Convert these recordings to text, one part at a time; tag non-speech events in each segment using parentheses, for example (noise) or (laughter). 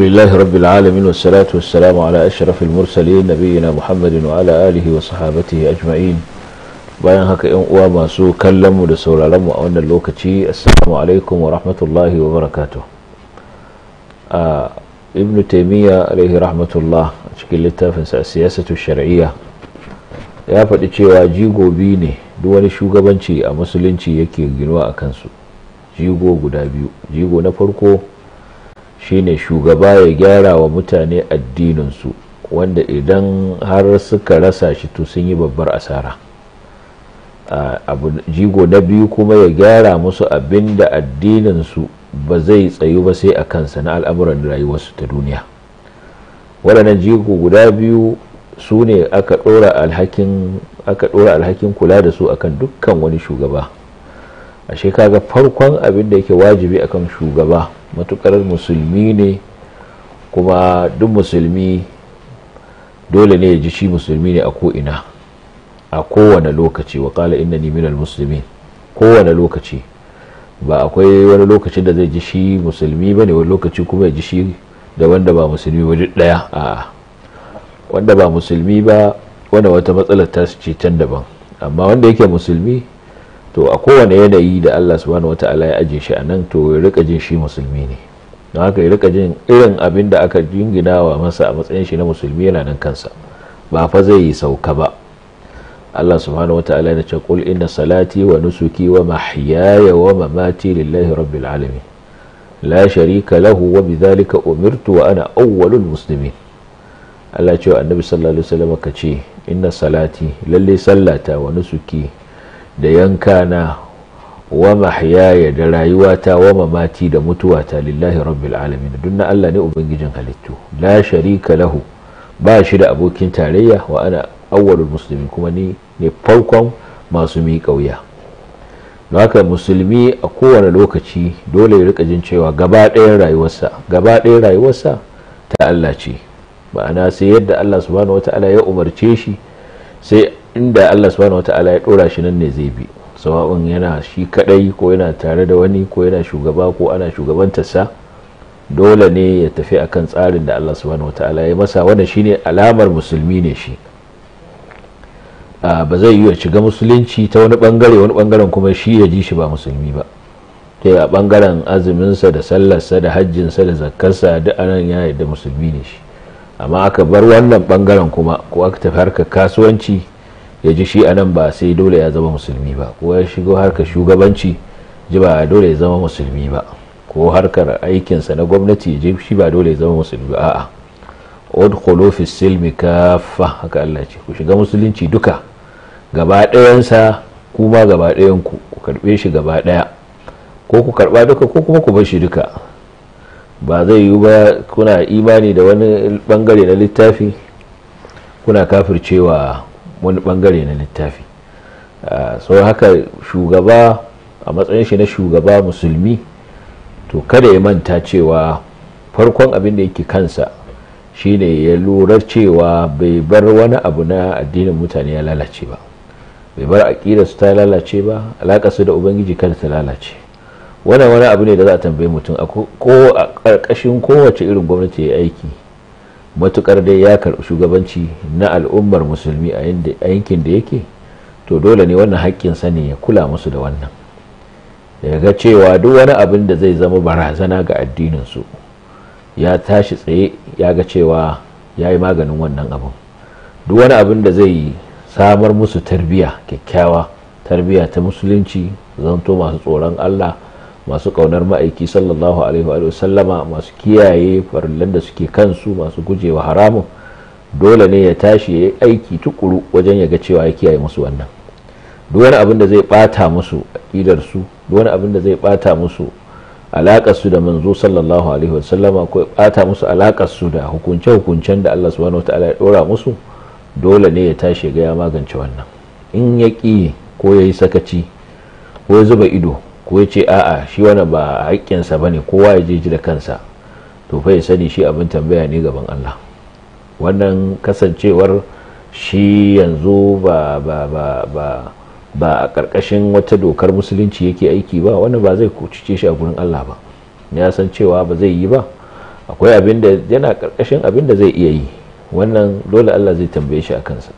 لله رب العالمين والصلاة والسلام على أشرف المرسلين نبينا محمد وعلى آله وصحابته أجمعين bayan haka yan uwa masu kallon mu da sauraron mu a wannan lokaci assalamu alaikum wa rahmatullahi wa barakatuh ibnu taymiya alaihi rahmatullah a cikin littafin sa siyasatu shar'iyya ya faɗi cewa jigobi ne duk wani shugabanci a musulunci yake ginuwa a kansu jigo guda biyu jigo na farko shine shugaba ya gyara wa mutane addininsu wanda idan har suka rasa shi to sun yi babbar asara abu jigo na biyu kuma ya gyara musu abin da addininsu ba zai tsayu ba sai a kansa na al'amuran rayuwarsu ta duniya waɗannan jigo guda biyu su ne aka ɗora alhakin kula da su akan dukkan wani shugaba ashe kaga farkon abin da yake wajibi akan shugaba matukar musulmi ne kuma duk musulmi dole ne ya ji shi musulmi ne a ko'ina a kowane lokaci wa kala inna ni minal musulmi kowane lokaci ba akwai wani lokaci da zai ji shi musulmi ba ne wani lokaci kuma ya ji shi da wanda ba musulmi ba duk daya a wanda ba musulmi ba wanda wata matsalar ta ce can daban amma wanda yake musulmi to a kowane yanayi da Allah subhanahu wata'ala ya aje shi a nan to ya rika jin shi musulmi ne don haka ya rika jin irin abin da aka jinginawa masa a matsayin shi na musulmi yana nan kansa ba fa zai yi sauka ba Allah subhanahu na ya ce kul inna salati wa nusuki wa mahyaya wa mamati lillahi rabbil alamin la sharika lahu wa bidhalika umirtu wa ana awwalul muslimin Allah ce wa annabi sallallahu alaihi wasallam ka ce inna salati lalle sallata wa nusuki da yankana wa mahyaya da rayuwata wa mamati da mutuwata lillahi rabbil alamin duk na Allah ne ubangijin halittu la sharika lahu ba shi da abokin tarayya wa ana awwalul muslimin kuma ni ne farkon masu mi kauya don haka musulmi a kowane lokaci dole ya rika jin cewa gaba ɗayan rayuwarsa gaba ɗayan rayuwarsa ta Allah ce ma'ana sai yadda Allah subhanahu wataala ya umarce shi sai inda Allah subhanahu wataala ya dora shi nan ne zai bi sawa'un yana shi kadai ko yana tare da wani ko yana shugaba ko ana shugabantarsa dole ne ya tafi akan tsarin da Allah subhanahu wataala ya masa wannan shine alamar musulmi ne shi ba zai yi ya shiga musulunci ta wani bangare wani bangaren kuma shi ya ji shi ba musulmi ba ta a bangaren azuminsa da sallarsa da hajjinsa da zakkarsa duk anan ya yarda musulmi ne shi amma aka bar wannan bangaren kuma ko aka tafi harkar kasuwanci ya ji shi anan ba sai dole ya zama musulmi ba ko ya shigo harkar shugabanci ji ba dole ya zama musulmi ba ko harkar aikinsa na gwamnati ya ji shi ba dole ya zama musulmi ba a'a udkhulu fi silmi kaffa haka Allah ce ku shiga musulunci duka gaba ɗayansa kuma gaba ɗayan ku ku karbe shi gaba ɗaya ko ku karba duka ko kuma ku bar shi duka ba zai yi ba kuna imani da wani bangare na littafi kuna kafircewa wani bangare na littafi ah, sau haka shugaba a matsayin shi na shugaba musulmi to kada ya manta cewa farkon abin da yake kansa shine ya lura cewa bai bar wani abu na addinin mutane ya lalace ba bai bar su ta lalace ba alaƙa da ubangiji kada ta lalace wannan wani abu ne da za a tambaye mutum a ƙarƙashin kowace irin gwamnati ya aiki matukar dai ya karɓi shugabanci na al'ummar musulmi a yankin da yake to dole ne wannan haƙƙin sani ya kula musu da wannan ya ga cewa duk wani abin da zai zama barazana ga addininsu ya tashi tsaye ya ga cewa ya yi maganin wannan abin duk wani abin da zai samar musu tarbiyya kyakkyawa tarbiyya ta musulunci zanto masu tsoron allah masu kaunar ma'aiki sallallahu alaihi wa sallama masu kiyaye farillan da suke kansu masu gujewa haramun dole ne ya tashi ya aiki tukuru wajen ya ga cewa ya kiyaye musu wannan duk wani abin da zai bata musu aƙidar su duk wani abin da zai bata musu alakar su da manzo sallallahu alaihi wa sallama ko ya bata musu alakar su da hukunce hukuncen da Allah subhanahu ta'ala ya dora musu dole ne ya tashi ga ya magance wannan in ya ki ko ya yi sakaci ko ya zuba ido ko ya ce a'a shi wani ba a haƙƙinsa ba ne kowa ya je ji da kansa to fa ya sani shi abin tambaya ne gaban Allah wannan kasancewar shi yanzu ba ba ba ba ba a ƙarƙashin wata dokar musulunci yake aiki ba wani ba zai kucice shi a gurin Allah ba ya san cewa ba zai yi ba akwai abin da yana ƙarƙashin abin da zai iya yi wannan dole Allah zai tambaye shi a kansa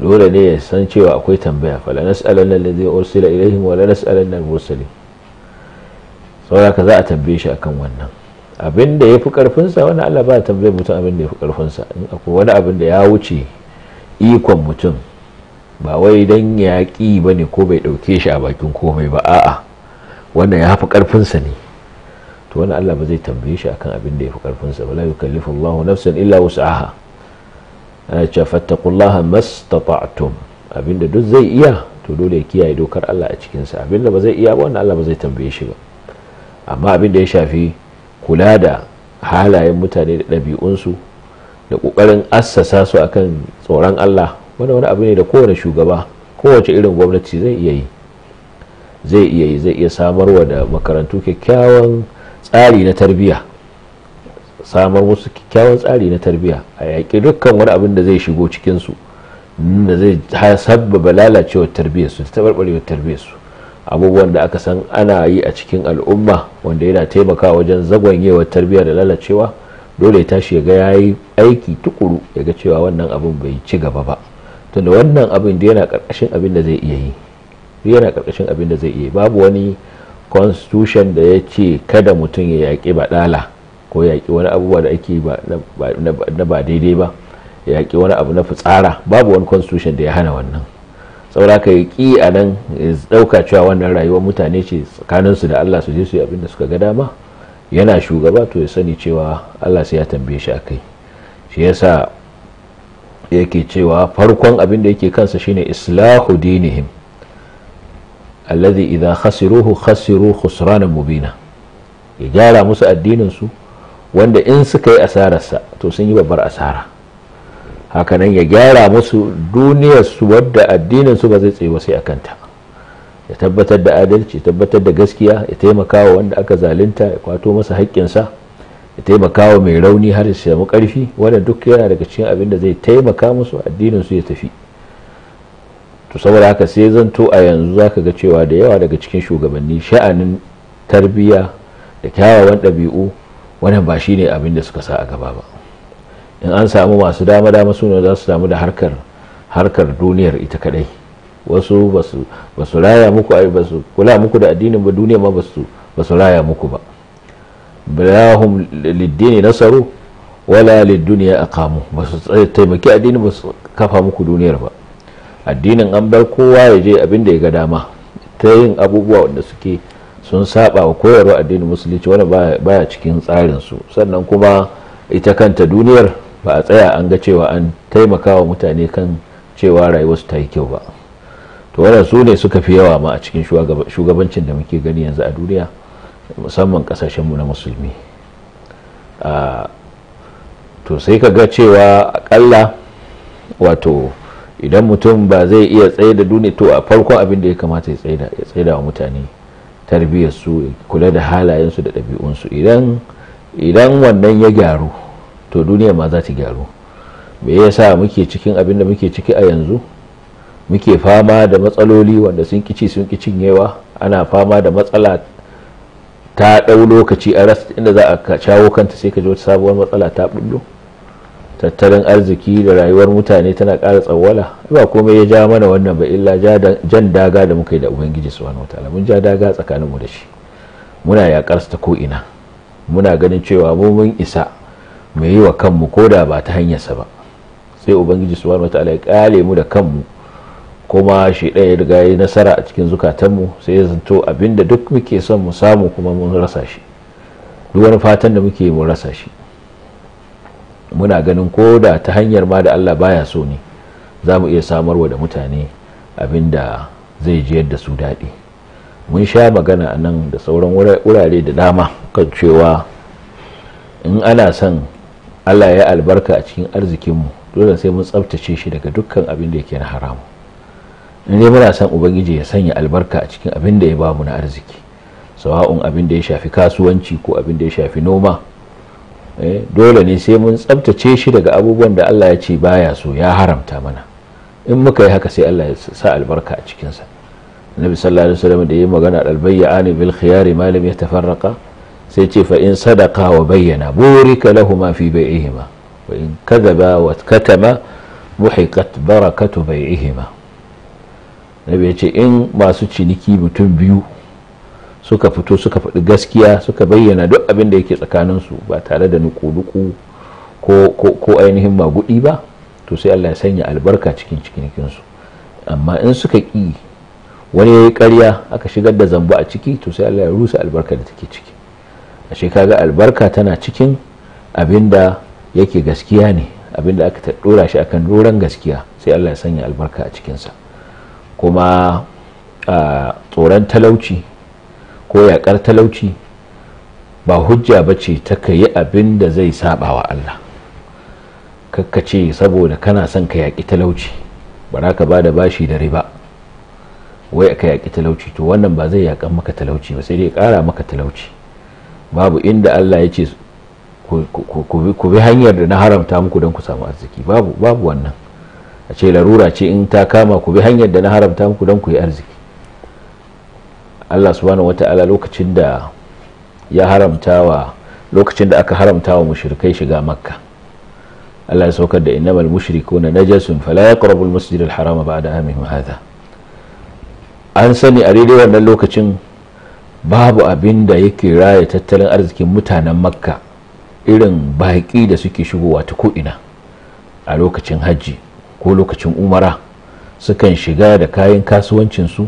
dole ne ya san cewa akwai tambaya fala zai allazi ursila ilaihim wala nas'alanna al-mursalin saboda za a tambaye shi akan wannan abin da ya fi karfinsa wani Allah ba tambaye mutum abin da ya fi karfinsa in akwai wani abin da ya wuce ikon mutum ba wai dan ya ba ne ko bai ɗauke shi a bakin komai ba a'a wannan ya fi ƙarfinsa ne to wani Allah ba zai tambaye shi akan abin da ya fi ƙarfinsa ba la yukallifu Allahu nafsan illa wus'aha ce fattaqullaha mastata'tum abinda duk zai iya to dole ya kiyaye dokar Allah a cikin sa abinda ba zai iya ba wannan Allah ba zai tambaye shi ba amma abinda ya shafi kula da halayen mutane da ɗabi'unsu da ƙoƙarin assasa su akan tsoron Allah wani wani abu ne da kowane shugaba kowace irin gwamnati zai iya yi zai iya yi zai iya samarwa da makarantu kyakkyawan tsari na tarbiyya samar musu kyakkyawan tsari na tarbiyya a yaƙi dukkan wani abin da zai shigo cikinsu da zai sabbaba lalacewar tarbiyyarsu da taɓarɓarewar tarbiyyarsu abubuwan da aka san ana yi a cikin al'umma wanda yana taimakawa wajen zagwanyewar tarbiyya da lalacewa dole ya tashi ya ga ya yi aiki tukuru ya ga cewa wannan abin bai ci gaba ba tunda wannan abin da yana ƙarƙashin abin da zai iya yi yana ƙarƙashin abin da zai iya babu wani constitution da ya ce kada mutum ya yaƙi baɗala ko ya yaƙi wani abubuwa da ake na ba daidai ba ya yaƙi wani abu na fitsara babu wani constitution da ya hana wannan saboda ka yi ƙi a nan ɗauka cewa wannan rayuwar mutane ce tsakaninsu da allah su je su yi abin da suka ga dama yana shugaba to ya sani cewa allah sai ya tambaye shi akai shi yasa yake cewa farkon abin da yake kansa shine islahu dinihim alladhi idha khasiruhu khasiru khusrana mubina ya gyara musu addinin su wanda in suka yi asararsa to sun yi babbar asara hakanan ya gyara musu duniyarsu wadda addinin su ba zai tsaye sai a kanta ya tabbatar da adalci ya tabbatar da gaskiya ya taimaka wa wanda aka zalunta ya kwato masa haƙƙinsa ya taimaka wa mai rauni har ya samu ƙarfi wanda duk yana daga cikin abin da zai taimaka musu addinin su ya tafi to saboda haka sai zan to a yanzu zaka ga cewa da yawa daga cikin shugabanni sha'anin tarbiyya da kyawawan ɗabi'u wannan ba shi ne abin da suka sa a gaba ba in an samu masu dama dama su ne za su samu da harkar harkar duniyar ita kadai wasu ba su raya muku ai ba su kula muku da addinin ba duniya ma ba su raya muku ba balahum liddini nasaru wala lid aqamu ba su taimaki addinin ba su kafa muku duniyar ba addinin an bar kowa ya je abin da ya ga dama ta yin abubuwa wanda suke sun saba wa koyarwa addinin musulunci wanda baya cikin tsarin su sannan kuma ita kanta duniyar ba a tsaya an ga cewa an taimaka wa mutane kan cewa rayuwarsu ta yi kyau ba to wannan su ne suka fi yawa ma a cikin shugabancin da muke gani yanzu a duniya musamman kasashenmu na musulmi to sai ka ga cewa akalla wato idan mutum ba zai iya tsaye da duniya to a farkon abin da ya kamata ya tsaida wa mutane su kula da halayensu da ɗabi'unsu idan idan wannan ya gyaru to duniya ma za ta gyaru me yasa muke cikin abin da muke ciki a yanzu muke fama da matsaloli wanda sun kici sun kicin yawa ana fama da matsala ta ɗau lokaci a rasta inda za a shawo kanta sai ka ji wata sabuwar matsala ta bullo tattalin arziki da rayuwar mutane tana ƙara tsawwala ba komai ya ja mana wannan ba illa jan daga da muka yi da ubangiji wani wata mun ja daga tsakaninmu da shi muna yaƙar ta ko ina muna ganin cewa mu mun isa mu yi wa kanmu ko da ba ta hanyarsa ba sai ubangiji subhanahu wataala ya ƙale mu da kanmu kuma shi ɗaya riga ya nasara a cikin zukatanmu sai ya zanto abinda duk muke son mu samu kuma mun rasa shi duk wani fatan da muke mun rasa shi muna ganin ko da ta hanyar ma da Allah baya so ne za mu iya samarwa da mutane abin da zai jiyar da su daɗi mun sha magana a nan da sauran wurare da dama kan cewa in ana son Allah ya albarka a cikin arzikinmu dole sai mun tsabtace shi daga dukkan abin da yake na haramu in dai muna son ubangiji ya sanya albarka a cikin abin da ya ba mu na arziki sawa'un abin da ya shafi kasuwanci ko abin da ya shafi noma Eh, dole ne sai mun tsabtace shi daga abubuwan da Allah ya ce baya so ya haramta mana in muka yi haka sai Allah ya sa albarka a cikinsa nabi sallallahu alaihi wasallam da ya magana albayyani bil khiyari ma lam yatafarraqa sai ce fa in sadaqa wa bayyana burika lahuma fi bai'ihima wa in kadhaba wa katama muhiqat barakatu bai'ihima nabi ya ce in masu ciniki mutum biyu suka fito suka faɗi gaskiya suka bayyana duk abin da yake tsakaninsu ba tare da nuku-nuku ko ainihin magudi ba to sai Allah ya sanya albarka cikin cikinsu amma in suka ƙi wani ya yi ƙarya aka shigar da zambo a ciki to sai Allah ya rusa albarka da take ciki ashe kaga albarka tana cikin abin da yake gaskiya ne abin da aka ɗora shi akan roran gaskiya sai Allah ya sanya albarka a cikinsa kuma ah, tsoron talauci ko yaƙar talauci ba hujja ba ce ta ka yi abin da zai saba wa Allah ce saboda kana son ka yaƙi talauci ba za ka ba da bashi da riba wai ka yaƙi talauci to wannan ba zai yaƙan maka talauci ba sai dai ƙara maka talauci babu inda Allah ya ce ku bi hanyar da na haramta muku don ku samu arziki babu wannan a ce larura ce in ta kama ku bi hanyar da na haramta muku don ku yi arziki Allah subhanahu wata'ala lokacin da ya haramtawa lokacin da aka haramtawa mushrikai shiga makka Allah ya saukar da innamal mushrikuna najasun fala ya al-masjid al-haram ba'da amihim hadha an sani a daidai wannan lokacin babu abin da yake raya tattalin arzikin mutanen makka irin baƙi da suke shigowa ta ko'ina a lokacin hajji ko lokacin umara sukan shiga da kayan kasuwancinsu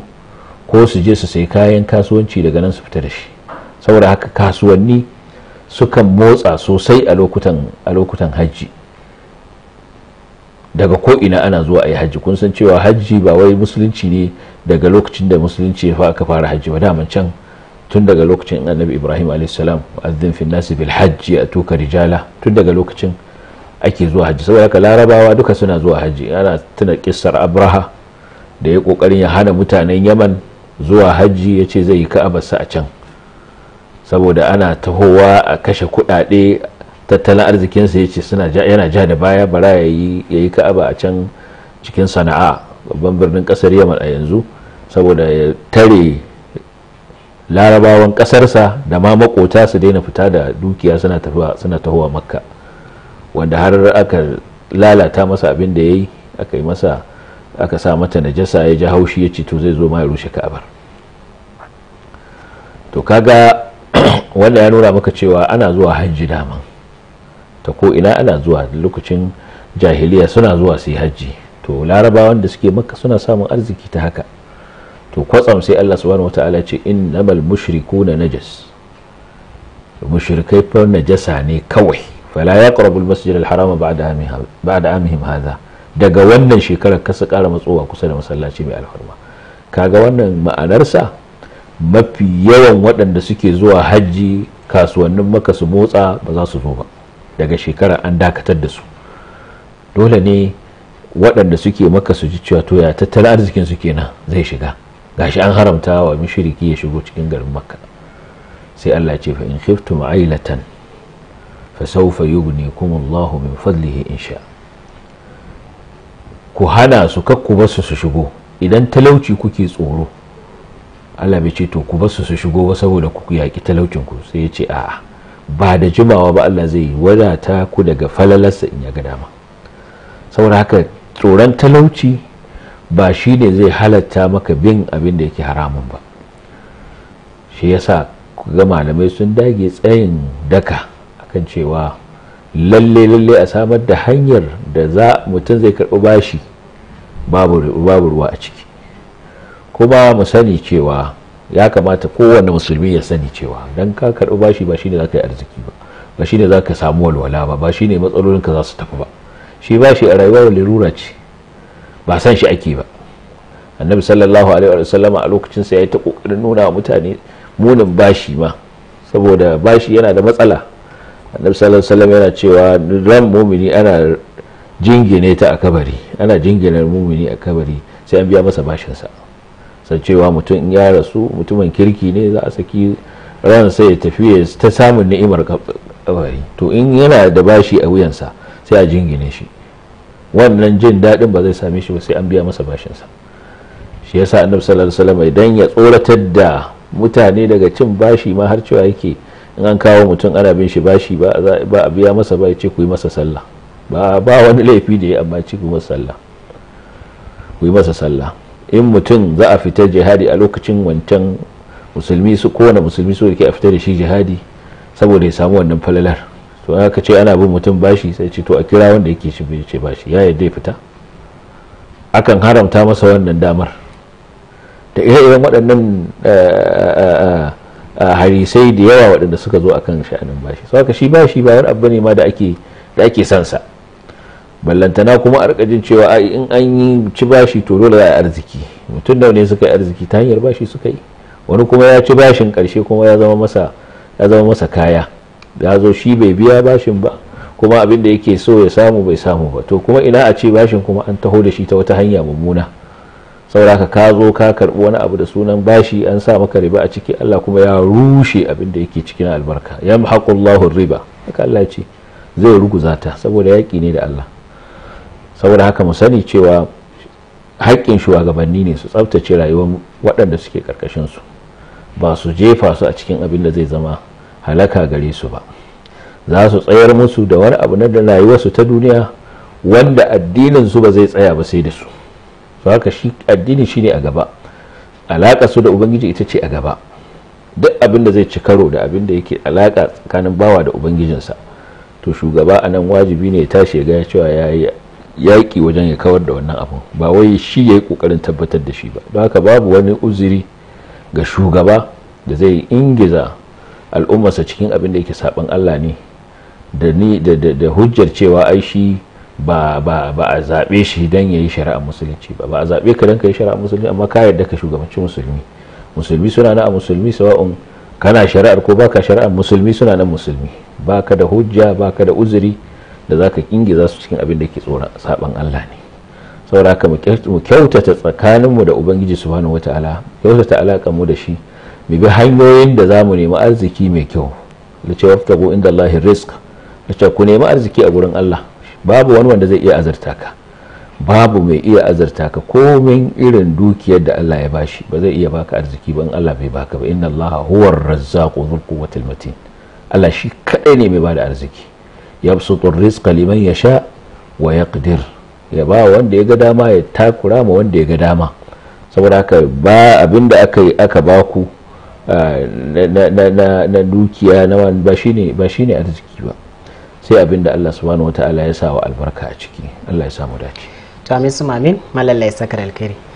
ko su je su sai kayan kasuwanci daga nan su fita da shi saboda haka kasuwanni sukan motsa sosai a lokutan a lokutan hajji daga ko ina ana zuwa ayi hajji kun san cewa hajji ba wai musulunci ne daga lokacin da musulunci ya aka fara hajji ba daman can tun daga lokacin annabi ibrahim alaihissalam azzin fi nasi bil hajji a tuka rijala tun daga lokacin ake zuwa hajji saboda haka larabawa duka suna zuwa hajji ana tuna kissar abraha da ya kokarin ya hana mutanen yaman zuwa hajji ya ce zai yi ka'abarsa a can saboda ana tahowa a kashe kudade tattalin arzikinsa ya ce yana ja da baya bara ya yi ka'aba a can cikin sana'a babban birnin kasar yamma a yanzu saboda ya tare larabawan kasarsa da ma makota su daina fita da dukiya suna tahowa makka wanda har aka lalata masa abin da ya yi aka yi masa aka sa mata najasa ya ji haushi ya ce to zai zo ma ya rushe ka'abar to kaga (clears throat) wanda ya nuna maka cewa ana zuwa hajji daman ta ko ina ana zuwa lokacin jahiliya suna zuwa su yi hajji to larabawan da suke maka suna samun arziki ta haka to kwatsam sai Allah subhanahu wataala ce innamal na najas mushrikai fa najasa ne kawai fala ya al-masjid al-haram ba'da ba'da amihim hadha daga wannan shekarar kasa kara matsowa kusa da masallaci mai alfarma kaga wannan ma'anarsa mafi yawan waɗanda suke zuwa hajji kasuwannin maka su motsa ba za su zo ba daga shekara an dakatar da su dole ne waɗanda suke maka su ji cewa to ya tattalin arzikin su kenan zai shiga gashi an haramta wa mishiriki ya shigo cikin garin makka sai allah ce fa in khiftum ailatan fa sawfa yughnikum allahu min fadlihi insha ku hana su kakku basu su shigo idan talauci kuke tsoro Allah bai ce to ku basu su shigo ba saboda ku yaƙi talaucin ku sai ya ce a'a ba da jimawa ba Allah zai wadata ku daga falalarsa in ya ga dama saboda haka tsoron talauci ba shi ne zai halatta maka bin abin da yake haramun ba shi yasa ga malamai sun dage tsayin daka akan cewa lalle lalle a samar da hanyar da za mutum zai karɓi bashi babu ruwa a ciki kuma mu sani cewa ya kamata kowane musulmi ya sani cewa don ka karɓi bashi ba shine ka yi arziki ba ba shine zaka samu walwala ba ba shine matsalolinka za su tafi ba shi bashi a rayuwar lalura ce ba san shi ake ba annabi sallallahu alaihi wa sallama a lokacin sa yi ta kokarin nuna wa mutane munin bashi ma saboda bashi yana da matsala annabi sallallahu alaihi wasallam yana cewa ran mumini ana jingine ta a kabari ana jingine mumini a kabari sai an biya masa bashinsa. sa san cewa mutum in ya rasu mutumin kirki ne za a saki ran sai ya tafi ya ta samun ni'imar kabari to in yana da bashi a wuyansa sai a jingine shi wannan jin daɗin ba zai same shi ba sai an biya masa bashinsa shi yasa annabi sallallahu alaihi wasallam idan ya tsoratar da mutane daga cin bashi ma har cewa yake in an kawo mutum ana bin shi bashi ba a biya masa ba ya ce ku yi masa sallah ba wani laifi da ya amma ce ku masa sallah ku yi masa sallah in mutum za a fita jihadi a lokacin wancan musulmi su kowane musulmi su yake a fita da shi jihadi saboda ya samu wannan falalar to aka ce ana bin mutum bashi sai ce to a kira wanda yake shi bai ce bashi ya yadda ya fita akan haramta masa wannan damar da ire-iren waɗannan eh, eh, eh, harisai da yawa waɗanda suka zo a kan sha'anin bashi so shi bashi ba abu ne ma da ake da sa ballantana kuma a rikajin cewa a in an yi ci bashi to dole za a arziki mutum da ne suka yi arziki ta hanyar bashi suka yi wani kuma ya ci bashin karshe kuma ya zama masa ya masa kaya ya zo shi bai biya bashin ba kuma abin da yake so ya samu bai samu ba to kuma ina a ce bashin kuma an taho da shi ta wata hanya mummuna sauraka ka zo ka karbi wani abu da sunan bashi an sa maka riba a ciki Allah kuma ya rushe abin da yake cikin albarka yamhaqullahu riba haka Allah ce zai ruguza ta saboda yaki ne da Allah saboda haka mu sani cewa haƙƙin shugabanni ne su tsabtace rayuwar waɗanda suke ƙarƙashin su ba su jefa su a cikin abin da zai zama halaka gare su ba za su tsayar musu da wani abu na da rayuwarsu ta duniya wanda addinin su ba zai tsaya ba sai da su su haka shi addini shine a gaba alaƙa su da ubangiji ita ce a gaba duk abin da zai ci karo da abin da yake alaƙa tsakanin bawa da ubangijinsa to shugaba a nan wajibi ne ya tashi ya gaya cewa ya yi yaƙi wajen ya kawar da wannan abu ba wai shi ya yi ƙoƙarin tabbatar da shi ba don haka babu wani uzuri ga shugaba da zai ingiza al'ummarsa cikin abin da yake saɓan allah ne da ni da hujjar cewa ai shi ba a zaɓe shi don ya yi shari'a musulunci ba ba a zaɓe ka don ka yi shari'a musulunci amma ka yarda ka shugabanci musulmi musulmi suna na a musulmi sawa'un kana shari'ar ko baka shari'ar musulmi suna na musulmi baka da hujja baka da uzuri da za ka kingiza su cikin abin da ke tsoron saban Allah ne saboda haka mu kyautata tsakaninmu da ubangiji subhanahu wataala kyautata alaƙar mu da shi mu bi hanyoyin da za mu nemi arziki mai kyau da cewa tabu inda Allah risk da cewa ku nemi arziki a gurin Allah babu wani wanda zai iya azarta ka babu mai iya azarta ka komin irin dukiyar da Allah ya bashi ba zai iya baka arziki ba in Allah bai baka ba inna Allah huwar razzaqu dhul quwwatil matin Allah shi kadai ne mai bada arziki yabsutu rizqa liman yasha wa yaqdir ya ba wanda ya ga dama ya takura ma wanda ya ga dama saboda haka ba abinda aka aka baku ah, na dukiya na wani ba shine ba shine arziki ba sai abinda Allah subhanahu wataala ya sa wa albarka a ciki Allah ya samu dace to amin su mamin malalla ya sakar alkhairi